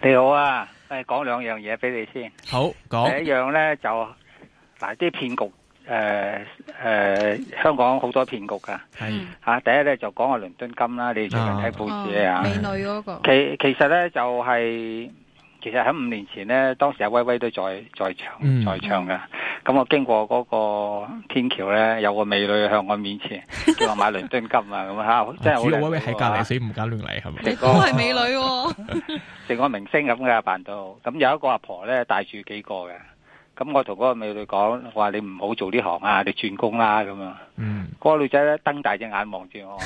你好啊，誒，講兩樣嘢俾你先。好，第一樣咧就，嗱，啲騙局，誒誒，香港好多騙局噶。係，吓，第一咧就講下倫敦金啦，你哋最近睇報紙啊，啊、哦，美女嗰個。其其實咧就係。其實喺五年前咧，當時阿威威都在在場，在場嘅。咁、嗯、我經過嗰個天橋咧，有個美女向我面前，叫我買倫敦金啊咁 啊，真係好威威喺隔籬死唔搞亂嚟係咪？是你都係美女，哦， 成個明星咁嘅扮到。咁有一個阿婆咧，帶住幾個嘅。咁我同嗰個美女講，話你唔好做呢行啊，你轉工啦、啊、咁樣。嗰、嗯、個女仔咧瞪大隻眼望住我。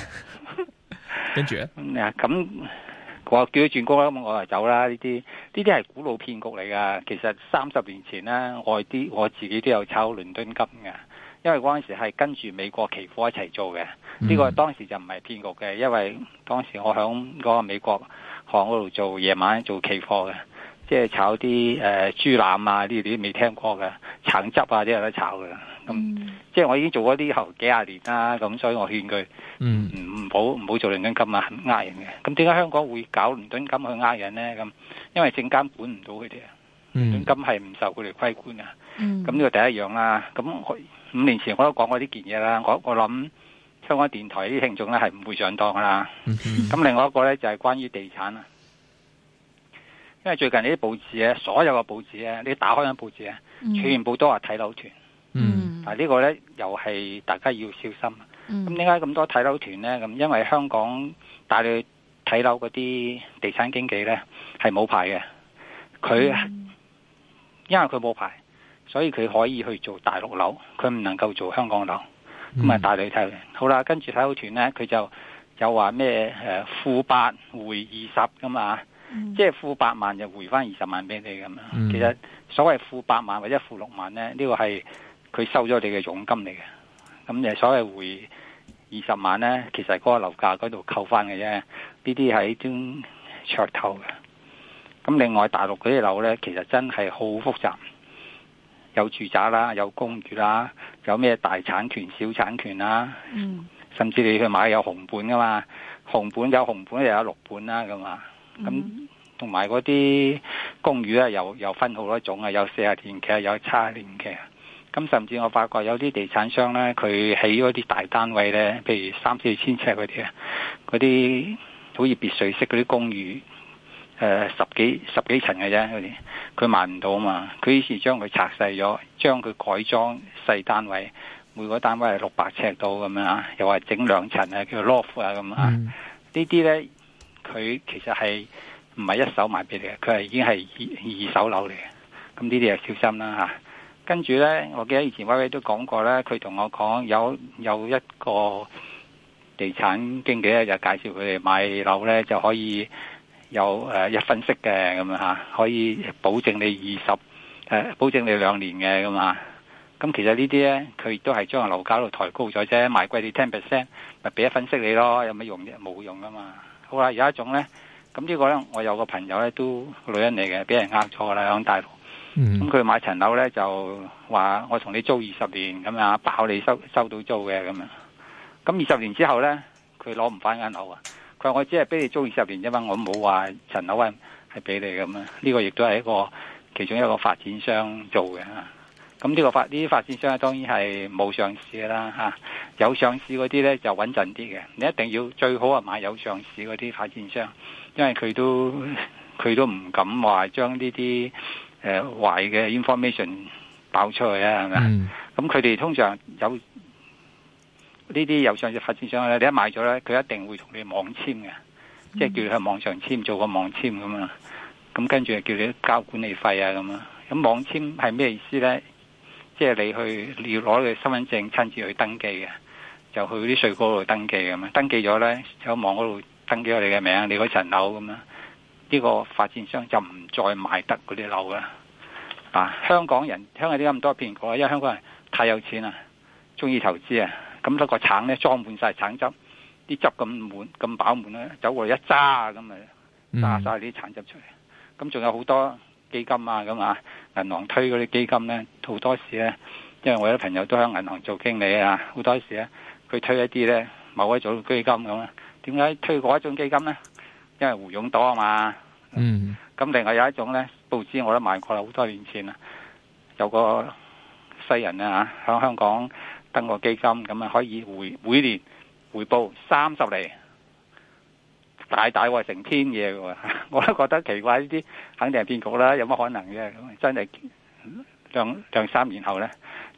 跟住 啊咁。我叫佢轉工啦，咁我就走啦。呢啲呢啲係古老騙局嚟㗎。其實三十年前咧，我啲我自己都有炒倫敦金嘅，因為嗰陣時係跟住美國期貨一齊做嘅。呢、呢個當時就唔係騙局嘅，因為當時我響嗰個美國行嗰度做夜晚做期貨嘅，即係炒啲誒、呃、豬腩啊呢啲未聽過嘅，橙汁啊啲有得炒嘅。咁、嗯、即係我已經做咗啲後幾廿年啦，咁所以我勸佢唔唔好唔好做倫敦金啊，呃人嘅。咁點解香港會搞倫敦金去呃人呢？咁因為證監管唔到佢哋啊，嗯、倫敦金係唔受佢哋規管嘅。咁呢、嗯、個第一樣啦。咁五年前我都講過呢件嘢啦。我我諗香港電台啲聽眾咧係唔會上當噶啦。咁、嗯、另外一個呢，就係關於地產啊，因為最近呢啲報紙咧，所有嘅報紙咧，你打開緊報紙咧，全部都話睇樓團。嗯嗯嗱、啊這個、呢個咧又係大家要小心。咁點解咁多睇樓團咧？咁、啊、因為香港帶你去睇樓嗰啲地產經紀咧係冇牌嘅，佢、嗯、因為佢冇牌，所以佢可以去做大陸樓，佢唔能夠做香港樓。咁啊、嗯，帶你睇好啦。跟住睇樓團咧，佢就又話咩誒負八回二十㗎嘛，即係、嗯、負八萬就回翻二十萬俾你咁樣。嗯、其實所謂負八萬或者負六萬咧，呢個係，佢收咗你嘅佣金嚟嘅，咁就所謂回二十萬呢，其實嗰個樓價嗰度扣翻嘅啫。呢啲係張噱頭嘅。咁另外大陸嗰啲樓呢，其實真係好複雜，有住宅啦，有公寓啦，有咩大產權、小產權啦，嗯、甚至你去買有紅本噶嘛，紅本有紅本又有綠本啦咁嘛。咁同埋嗰啲公寓呢，又又分好多種40啊，有四十年期、啊，有七十年期、啊。咁甚至我發覺有啲地產商呢，佢起嗰啲大單位呢，譬如三四千尺嗰啲啊，嗰啲好似別墅式嗰啲公寓，誒、呃、十幾十幾層嘅啫，啲佢賣唔到嘛，佢於是將佢拆細咗，將佢改裝細單位，每個單位係六百尺到咁樣啊，又話整兩層啊，叫做 loft 啊咁啊，呢啲、嗯、呢，佢其實係唔係一手買俾你嘅，佢係已經係二二手樓嚟嘅，咁呢啲啊，小心啦嚇。跟住咧，我記得以前威威都講過咧，佢同我講有有一個地產經紀咧，就介紹佢哋買樓咧就可以有誒一分息嘅咁啊，可以保證你二十誒保證你兩年嘅咁啊。咁其實呢啲咧，佢亦都係將個樓價度抬高咗啫，賣貴你 ten percent，咪俾一分息你咯，有咩用啫？冇用噶嘛。好啦，有一種咧，咁呢個咧，我有個朋友咧都女人嚟嘅，俾人呃咗啦，響大陸。咁佢、嗯、買層樓咧就話我同你租二十年咁啊，包你收收到租嘅咁啊。咁二十年之後咧，佢攞唔翻間樓啊。佢話我只係俾你租二十年啫嘛，我冇話層樓啊係俾你咁啊。呢個亦都係一個其中一個發展商做嘅吓。咁、啊、呢個發啲發展商當然係冇上市啦吓、啊，有上市嗰啲咧就穩陣啲嘅。你一定要最好啊買有上市嗰啲發展商，因為佢都佢都唔敢話將呢啲。誒壞嘅 information 爆出去啦，係咪？咁佢哋通常有呢啲有上就發展上去，你一買咗咧，佢一定會同你網簽嘅，即係叫你喺網上簽，做個網簽咁啊。咁、嗯、跟住叫你交管理費啊咁啊。咁、嗯、網簽係咩意思咧？即係你去你要攞你嘅身份證親自去登記嘅，就去啲稅局度登記咁啊。登記咗咧，就喺網嗰度登記咗你嘅名，你嗰層樓咁啊。呢個發展商就唔再賣得嗰啲樓啦。啊，香港人，香港啲咁多騙局，因為香港人太有錢啦，中意投資啊。咁、那、嗰個橙咧裝滿晒橙汁，啲汁咁滿咁飽滿啦，走過嚟一揸咁咪揸晒啲橙汁出嚟。咁仲、嗯、有好多基金啊，咁啊，銀行推嗰啲基金咧，好多時咧，因為我有啲朋友都喺銀行做經理啊，好多時咧佢推一啲咧某一種基金咁啊。點解推嗰一種基金咧？因為胡勇多啊嘛。嗯，咁另外有一種咧，報紙我都買過啦，好多年前啦，有個西人啊喺香港登個基金，咁啊可以回每年回報三十厘，大大喎，成天嘢嘅喎，我都覺得奇怪，呢啲肯定係騙局啦，有乜可能嘅？咁真係兩,兩三年後咧，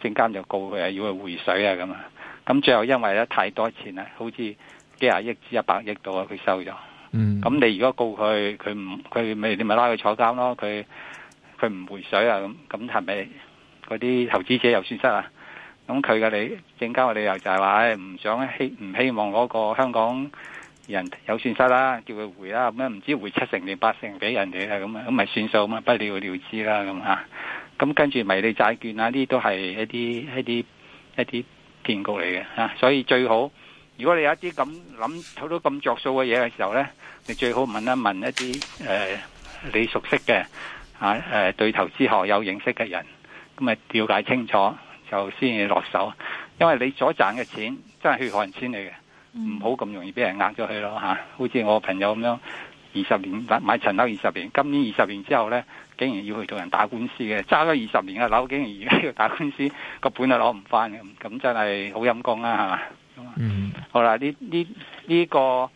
證監就告佢要佢回水啊咁啊，咁最後因為咧太多錢啦，好似幾廿億至一百億到啊，佢收咗。嗯，咁你如果告佢，佢唔佢咪你咪拉佢坐監咯，佢佢唔回水啊咁，咁係咪嗰啲投資者又損失啊？咁佢嘅理正交嘅理由就係話，誒唔想希唔希望嗰個香港人有損失啦、啊，叫佢回啦、啊，咁樣唔知回七成定八成俾人哋啦，咁啊咁咪算數嘛、啊，不了了之啦、啊，咁咁跟住迷你債券啊呢啲都係一啲一啲一啲騙局嚟嘅，所以最好。如果你有一啲咁諗好多咁着數嘅嘢嘅時候呢，你最好問一問一啲誒、呃、你熟悉嘅嚇誒對投資學有認識嘅人，咁咪了解清楚就先要落手，因為你所賺嘅錢真係血汗錢嚟嘅，唔好咁容易俾人呃咗去咯嚇、啊。好似我朋友咁樣二十年買買層樓二十年，今年二十年之後呢，竟然要去同人打官司嘅，揸咗二十年嘅樓，竟然而家要打官司，個本都攞唔翻嘅，咁真係好陰功啦，係嘛？嗯。好啦，呢呢呢個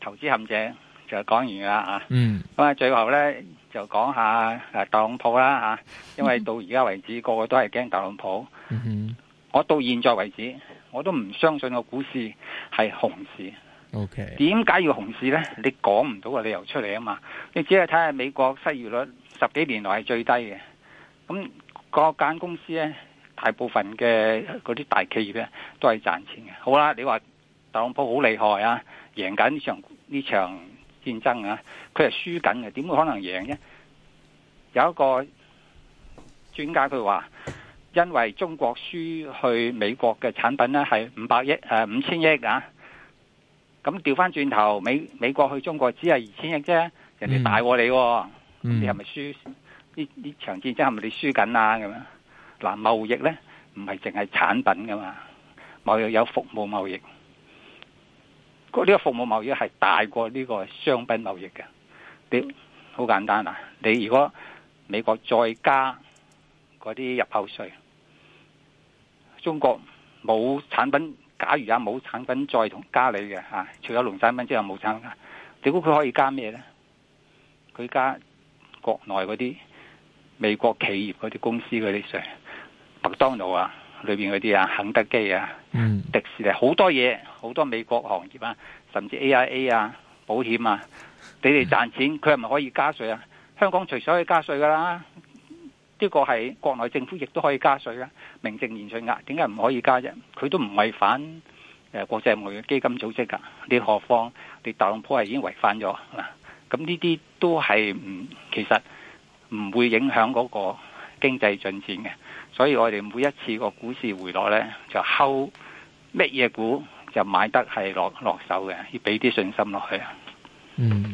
投資陷阱就講完啦啊！咁、嗯、啊，最後呢，就講下特朗普啦、啊、因為到而家為止，嗯、個個都係驚特朗普。嗯、哼我到現在為止，我都唔相信個股市係熊市。O.K.，點解要熊市呢？你講唔到個理由出嚟啊嘛！你只係睇下美國失業率十幾年來係最低嘅，咁、嗰間公司呢。大部分嘅嗰啲大企業咧，都係賺錢嘅。好啦，你話特朗普好厲害啊，贏緊呢場呢場戰爭啊，佢係輸緊嘅，點會可能贏啫？有一個專家佢話，因為中國輸去美國嘅產品咧係五百億誒、呃、五千億啊，咁調翻轉頭美美國去中國只係二千億啫，人哋大過你，啊，你係咪輸？呢呢場戰爭係咪你輸緊啊？咁樣。嗱，貿易咧唔係淨係產品噶嘛，貿易有服務貿易。嗰、這、呢個服務貿易係大過呢個商品貿易嘅。你好簡單啦，你如果美國再加嗰啲入口稅，中國冇產品，假如呀冇產品再同加你嘅吓，除咗農產品之後冇產品。點解佢可以加咩咧？佢加國內嗰啲美國企業嗰啲公司嗰啲稅。麥當勞啊，裏邊嗰啲啊，肯德基啊，嗯、迪士尼好多嘢，好多美國行業啊，甚至 AIA 啊，保險啊，你哋賺錢，佢係咪可以加稅啊？香港隨時可以加稅噶啦，呢、這個係國內政府亦都可以加稅啊，名正言順啊。點解唔可以加啫？佢都唔違反誒國際貿易基金組織噶、啊，你何況你特朗普係已經違反咗，咁呢啲都係唔，其實唔會影響嗰、那個。經濟進展嘅，所以我哋每一次個股市回落呢，就睺乜嘢股就買得係落落手嘅，要畀啲信心落去啊。嗯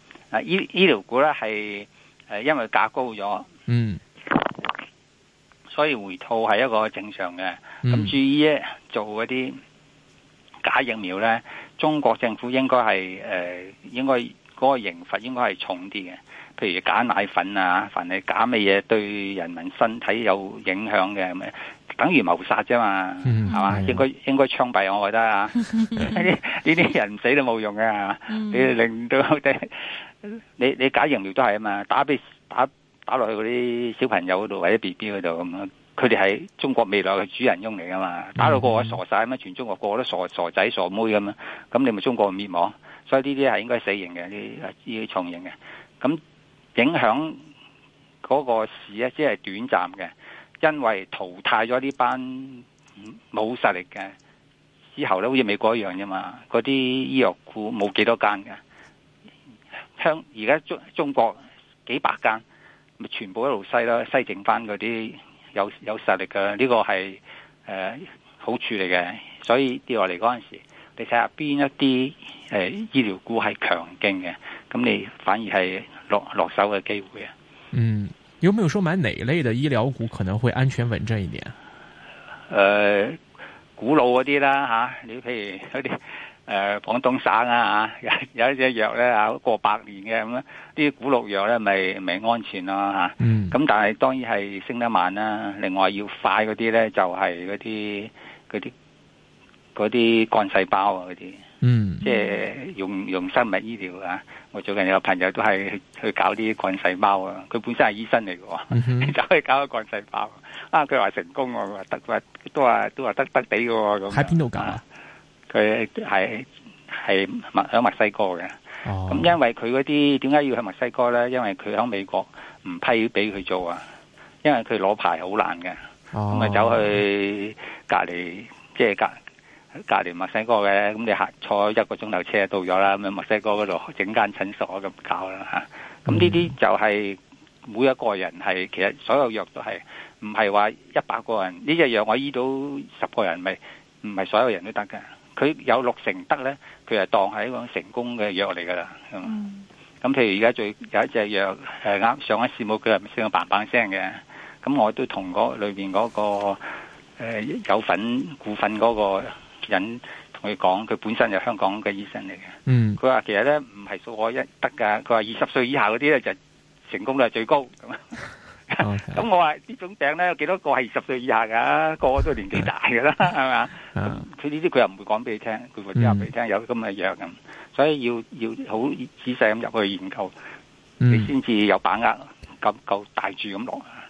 啊！醫醫療股咧係誒，因為價高咗，嗯，所以回吐係一個正常嘅。咁至於做嗰啲假疫苗咧，中國政府應該係誒、呃，應該嗰個刑罰應該係重啲嘅。譬如假奶粉啊，凡係假乜嘢對人民身體有影響嘅咩？等於謀殺啫嘛，係嘛、嗯？應該、嗯、應該槍斃，我覺得啊，呢啲 人死都冇用啊。嗯、你令到啲 你你假疫苗都係啊嘛，打俾打打落去嗰啲小朋友度或者 B B 嗰度咁啊，佢哋係中國未來嘅主人翁嚟噶嘛，嗯、打到個個傻晒咁樣，全中國個個都傻傻仔傻妹咁樣，咁你咪中國滅亡，所以呢啲係應該死刑嘅，呢啲重刑嘅，咁影響嗰個事，咧，即係短暫嘅。因為淘汰咗呢班冇實力嘅，之後咧，好似美國一樣啫嘛，嗰啲醫藥股冇幾多間嘅，香而家中中國幾百間，咪全部一路篩咯，篩剩翻嗰啲有有實力嘅，呢個係誒、呃、好處嚟嘅，所以跌落嚟嗰陣時候，你睇下邊一啲誒、呃、醫療股係強勁嘅，咁你反而係落落手嘅機會啊。嗯。有冇有說買哪一類嘅醫療股可能會安全穩陣一點？誒、呃，古老嗰啲啦，吓，你譬如嗰啲誒廣東省啊吓，啊，有有一隻藥咧吓，過百年嘅咁啦，啲古老藥咧咪咪安全咯吓，咁，啊嗯，但係當然係升得慢啦。另外要快嗰啲咧就係嗰啲嗰啲嗰啲乾細胞啊嗰啲。嗯，即係用用生物醫療啊！我最近有個朋友都係去，去搞啲幹細胞啊，佢本身係醫生嚟嘅，走、嗯、哼去搞啲幹細胞啊，佢話成功、啊，佢話得，都話都話得得地嘅、啊。喺邊度搞、啊？佢係係墨響墨西哥嘅。咁、哦、因為佢嗰啲點解要去墨西哥咧？因為佢響美國唔批俾佢做啊，因為佢攞牌好難嘅。咁咪走去隔籬，即、就、係、是、隔。隔籬墨西哥嘅，咁你吓坐一個鐘頭車就到咗啦，咁樣墨西哥嗰度整間診所咁搞啦吓，咁呢啲就係每一個人係其實所有藥都係唔係話一百個人呢隻藥我醫到十個人咪唔係所有人都得嘅，佢有六成得咧，佢係當係一個成功嘅藥嚟噶啦。咁譬如而家最有一隻藥誒啱上一市冇，佢係咪先個棒棒聲嘅，咁我都同嗰裏邊嗰個誒有粉股份嗰個人同佢講，佢本身就香港嘅醫生嚟嘅。嗯，佢話其實咧唔係數我一得㗎。佢話二十歲以下嗰啲咧就成功率最高。咁，咁我話呢種病咧有幾多個係二十歲以下㗎？個個都年紀大㗎啦，係咪？佢呢啲佢又唔會講俾你聽，佢之後話俾你聽有咁嘅藥咁，所以要要好仔細咁入去研究，你先至有把握夠夠大住咁多。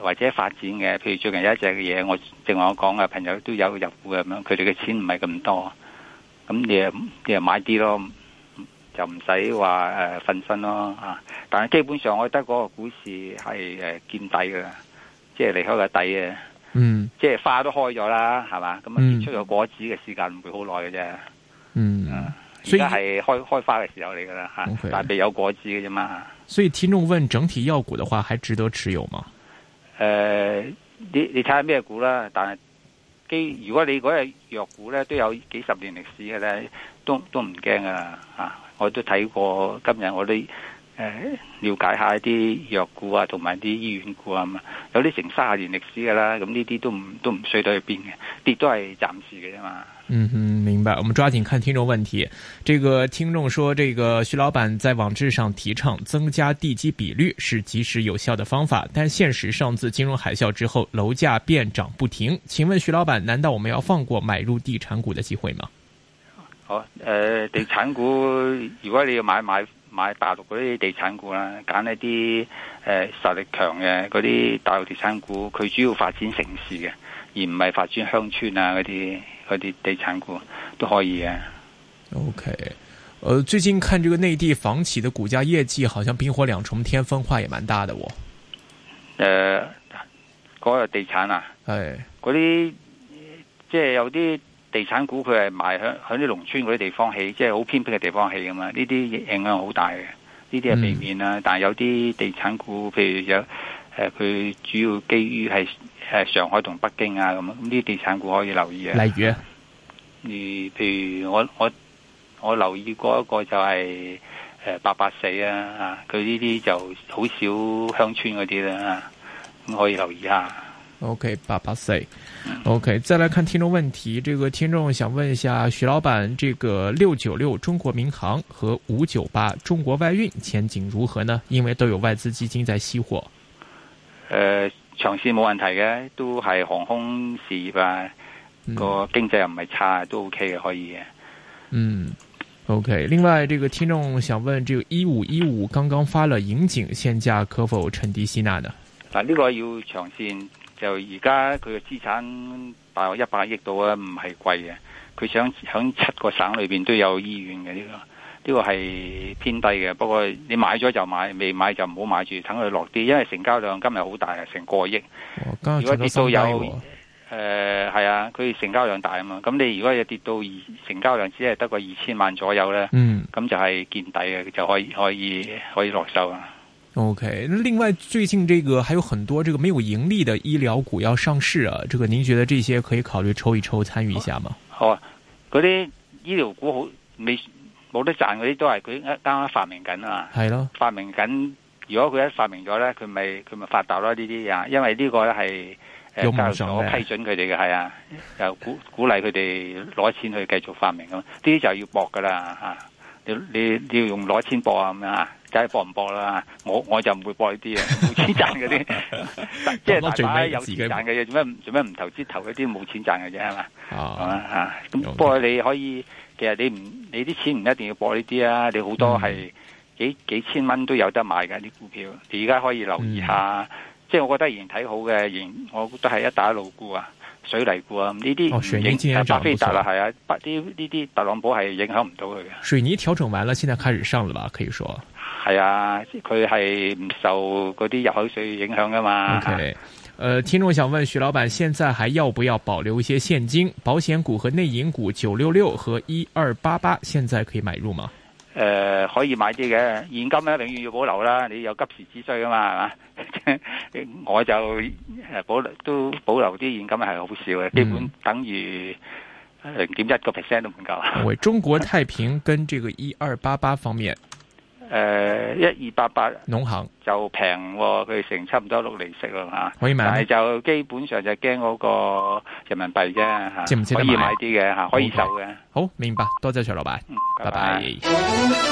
或者發展嘅，譬如最近一隻嘢，我正話我講嘅，朋友都有入股咁樣，佢哋嘅錢唔係咁多，咁你啊，你又買啲咯，就唔使話誒瞓身咯啊！但係基本上，我覺得嗰個股市係誒見底噶啦，即係離開個底嘅，嗯，即係花都開咗啦，係嘛，咁啊出咗果子嘅時間唔會好耐嘅啫，嗯，所以而家係開開花嘅時候嚟噶啦，okay, 但係有果子嘅啫嘛。所以聽眾問：整體藥股嘅話，還值得持有嗎？誒、呃，你你睇下咩股啦，但係基如果你嗰隻藥股咧，都有幾十年歷史嘅咧，都都唔驚噶啦嚇，我都睇過今日我啲。了解下一啲藥股啊，同埋啲醫院股啊嘛，有啲成三十年歷史噶啦，咁呢啲都唔都唔需要去變嘅，跌都係暫時嘅啫嘛。嗯哼，明白。我們抓緊看聽眾問題，這個聽眾說，這個徐老闆在網誌上提倡增加地基比率是及時有效的方法，但現實上自金融海嘯之後，樓價便漲不停。請問徐老闆，難道我們要放過買入地產股的機會嗎？好，誒，地產股如果你要買買。買大陸嗰啲地產股啦，揀一啲誒實力強嘅嗰啲大陸地產股，佢主要發展城市嘅，而唔係發展鄉村啊，嗰啲嗰啲地產股都可以嘅。OK，誒、呃、最近看這個內地房企的股價業績，好像冰火兩重天，分化也蠻大的喎。誒、呃，嗰、那個地產啊，誒 Hey.，嗰啲即係有啲。地產股佢係埋響響啲農村嗰啲地方起，即係好偏僻嘅地方起噶嘛？呢啲影響好大嘅，呢啲係避免啦。嗯、但係有啲地產股，譬如有誒，佢主要基於係誒上海同北京啊咁。咁呢啲地產股可以留意啊。例如啊，嗯，譬如我我我留意過一個就係誒八八四啊，啊，佢呢啲就好少鄉村嗰啲啦，咁可以留意下。OK，八八四。OK，再來看聽眾問題。這個聽眾想問一下徐老闆，這個六九六中國民航和五九八中國外運前景如何呢？因為都有外資基金在吸貨。呃，長線冇問題嘅，都係航空事業啊，個、嗯、經濟又唔係差，都 OK 嘅，可以嘅。嗯，OK。另外，這個聽眾想問，這個一五一五剛剛發了盈警限價，現在可否趁低吸納呢？嗱，呢個要長線。就而家佢嘅資產大約一百億度啊，唔係貴嘅。佢想喺七個省裏面都有醫院嘅呢、呢個呢、呢個係偏低嘅。不過你買咗就買，未買就唔好買住，等佢落啲。因為成交量今日好大啊，成個億。哦、如果跌到有誒係啊，佢成交量大啊嘛。咁你如果要跌到二成交量只係得個二千萬左右呢，咁、嗯、就係見底嘅，就可以可以可以落手。O.K.，另外最近這個還有很多這個沒有盈利的醫療股要上市啊，這個您覺得這些可以考慮抽一抽參與一下嗎？好啊、哦，嗰、哦、啲醫療股好，你冇得賺嗰啲都係佢啱啱發明緊啊，係咯了，發明緊，如果佢一發明咗咧，佢咪佢咪發達啦呢啲啊，因為呢個咧係誒交易所批准佢哋嘅係啊，又鼓鼓勵佢哋攞錢去繼續發明咁，呢啲就要搏噶啦吓，你你你要用攞錢搏啊咁樣啊。睇博唔博啦，我我就唔會博 投投呢啲啊，冇錢賺嗰啲，即係大把有錢賺嘅嘢，做咩做咩唔投資投一啲冇錢賺嘅啫係嘛？哦，吓咁不過你可以，其實你唔你啲錢唔一定要博呢啲啊，你好多係幾、嗯、幾千蚊都有得買嘅啲股票，你而家可以留意下，嗯、即係我覺得仍睇好嘅仍，我都係一帶一路股啊，水泥股啊呢啲，白菲特啦係啊，哦、白啲呢啲特朗普係影響唔到佢嘅。水泥調整完了，現在開始上了吧？可以說。係啊，佢係唔受嗰啲入口稅的影響噶嘛？OK，誒、呃，聽眾想問徐老闆，現在還要不要保留一些現金？保險股和內銀股九六六和一二八八，現在可以買入嗎？誒、呃，可以買啲嘅現金咧，永遠要保留啦，你有急時之需噶嘛？係嘛？ 我就誒保都保留啲現金係好少嘅，嗯、基本等於零點一個 percent 都唔夠、嗯。喂，中國太平跟這個一二八八方面。誒，一二八八農行就平，佢成差唔多六厘息啦，嚇，可以買但係就基本上就驚嗰個人民幣啫吓，嚇，可以買啲嘅吓，可以做嘅。好明白，多謝徐老闆，嗯、bye bye 拜拜。